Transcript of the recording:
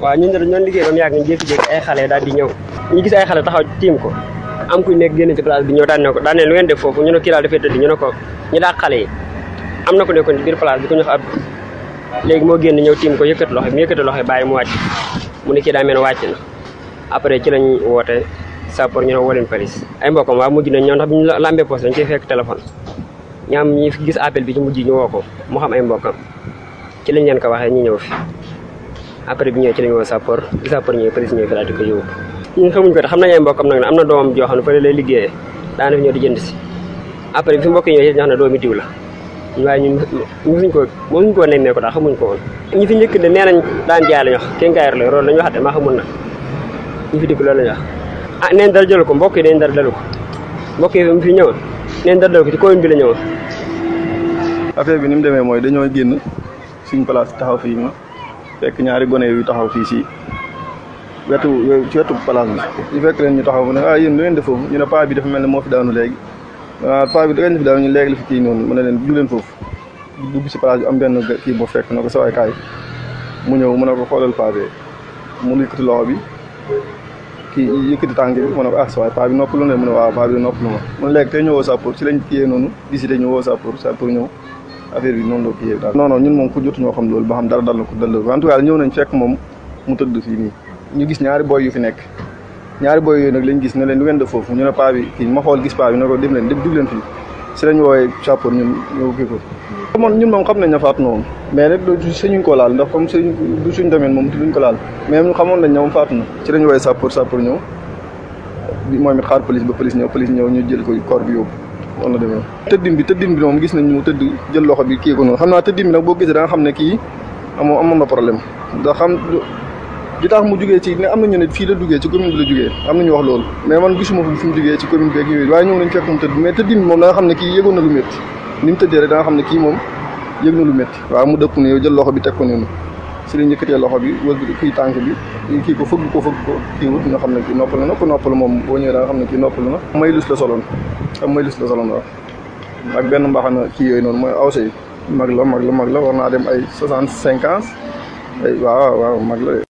waaw ñu de dañu doon liggéey ba mu yàgg ñu jékki-jékki ay xale daal di ñëw ñu gis ay xale taxaw tiim ko am ku nekk génn ci place bi ñëw daan ne ko daan ne lu ngeen def foofu ñu ne kii daal dafay tëdd ñu ne ko ñu daal xale am na ko nekkoon ci biir place bi ku ñu léegi moo génn ñëw tiim ko yëkkati loxo mu yëkkati bàyyi mu wàcc mu ne kii daa ne wàcc na après ci lañ woote sapor ñu ne woo leen police ay mbokkam waa mujj nañ ñoom ndax bi ñu lambee poste dañ cee fekk téléphone ñaam ñi gis appel bi ci mujj ñu woo ko mu xam ay mbokkam ci lañ leen ko waxee ñu ñëw fi après bi ñëwee ci la ñu woo sappoor bi sappoor ñëwee police ñëwee fi daal di ko yóbbu ñun xamuñ ko de xam na di jënd si après bi fi mbokk koo nemmee ko daal ko woon ñi fi njëkk de nee nañ daan jaay la ñu wax kénkaayar la loolu la ñu wax de maa ah, neen dara jëlu ko mbokk yi neen dara dalu ko mbokk yi mu fi ñëwoon neen dara dalu ko ci commune bi la ñëwoon affaire bi ni mu demee mooy dañoo génn suñ place taxaw fii ma fekk ñaari gone yu taxaw fii si wetu ci wetu place bi ñu fekk leen ñu taxaw mu a ah yéen lu ngeen def foofu ñu ne paa bi dafa mel ne moo fi daanu léegi ah paa bi da ngeen fi daanu ñu léegi la fi kii noonu mu ne leen jug leen foofu dugg si place bi am benn kii boo fekk na ko sawaay kaay mu ñëw mu ne ko xoolal paa bi mu yëkkati loxo bi kii yëkkati tànk bi mu ne ko ah sawaay paa bi noppalu ne mu ne waaw ah, paa bi noppalu ma mu ne léegi tey ñëwoo sàppoor ci lañ kiyee noonu décidé ñëwoo sàppoor sàppoor ñëw affaire bi noonu la ko yee daal. non non ñun moom ku jotuñoo xam loolu ba xam dara dal na ko dal en tout cas ñëw nañ fekk moom mu tëdd fii nii ñu gis ñaari boy yu fi nekk ñaari boy yooyu nag lañ gis ne leen lu ngeen def foofu ñu ne paa bi kii ma xool gis paa bi ne ko dem leen dem dugg leen fii si lañ woowee sapeur ñun ñëw ko. xam na mais nag ko laal ndax comme suñ du moom ko laal mais ñu xamoon nañ ne moom faatu na si lañ woowee sapeur sapeur ñëw bi moom it xaar police ba police ñëw police ñëw ñu jël ko corps bi yóbbu noonu la demee tëddin bi tëddin bi moom gis nañ mu tëdd jël loxo bi kii ko noonu xam naa ne kii amoo na problème da xam di tax mu jugee ci ne am nañu ne fii la ci commune bi la jugee am nañu wax loolu mais man gisuma fu mu jugee ci commune bi ak ne kii yëgoon na lu métti ni mu tëddee rek lu loxo bi teg ko si la njëkkatee loxo bi wër kii tànk bi kii ko fëgg ko xam ne kii noppal na ko noppal moom boo ñëwee da nga xam ne kii noppal na may lus la soloon am mooy liste de salon daal ak benn mbaxana kii yooyu noonu mooy awse yi mag la mag la mag la war naa dem ay soixante cinq ans ay waaw mag la